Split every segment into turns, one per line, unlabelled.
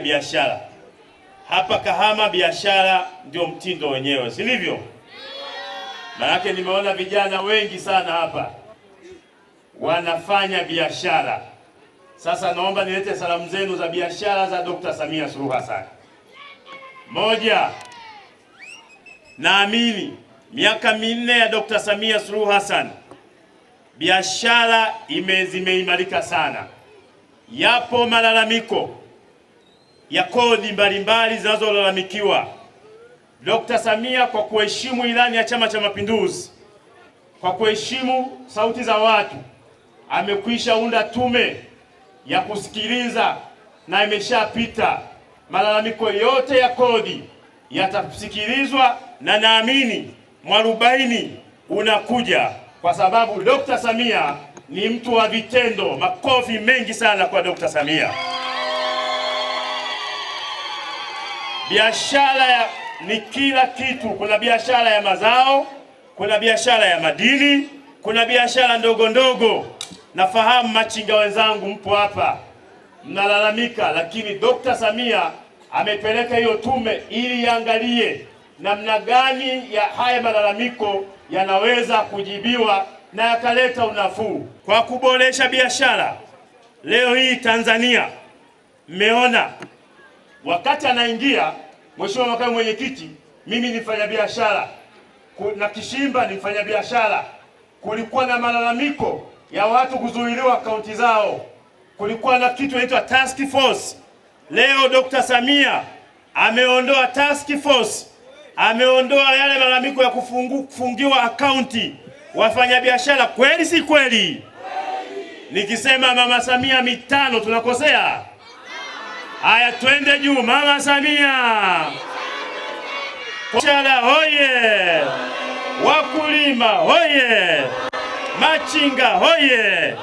Biashara hapa Kahama, biashara ndio mtindo wenyewe, si ndivyo? nimeona vijana wengi sana hapa wanafanya biashara. Sasa naomba nilete salamu zenu za biashara za Dr. Samia Suluhu Hassan. Moja, naamini miaka minne ya Dr. Samia Suluhu Hassan biashara ime zimeimarika sana, yapo malalamiko ya kodi mbalimbali zinazolalamikiwa. Dr. Samia kwa kuheshimu ilani ya Chama cha Mapinduzi, kwa kuheshimu sauti za watu, amekwisha unda tume ya kusikiliza na imeshapita. Malalamiko yote ya kodi yatasikilizwa na naamini mwarubaini unakuja kwa sababu Dr. Samia ni mtu wa vitendo. Makofi mengi sana kwa Dr. Samia. biashara ya ni kila kitu. Kuna biashara ya mazao, kuna biashara ya madini, kuna biashara ndogo ndogo. Nafahamu machinga wenzangu mpo hapa mnalalamika, lakini Dr. Samia amepeleka hiyo tume ili iangalie namna gani ya haya malalamiko yanaweza kujibiwa na yakaleta unafuu kwa kuboresha biashara. Leo hii Tanzania mmeona Wakati anaingia mheshimiwa makamu mwenyekiti, mimi ni mfanyabiashara na Kishimba ni mfanyabiashara, kulikuwa na malalamiko ya watu kuzuiliwa akaunti zao, kulikuwa na kitu inaitwa task force. Leo Dr. Samia ameondoa task force, ameondoa yale malalamiko ya kufungu, kufungiwa akaunti wafanyabiashara. Kweli si kweli? Nikisema mama Samia mitano tunakosea. Haya, twende juu. Mama Samia Kuchala, hoye! Wakulima hoye! Machinga hoye!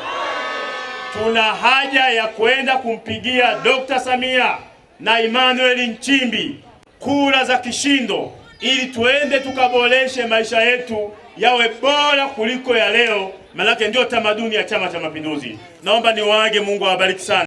Tuna haja ya kwenda kumpigia Dr. Samia na Emmanuel Nchimbi kura za kishindo ili tuende tukaboreshe maisha yetu yawe bora kuliko ya leo, manake ndio tamaduni ya Chama cha Mapinduzi. Naomba niwaage, Mungu awabariki sana.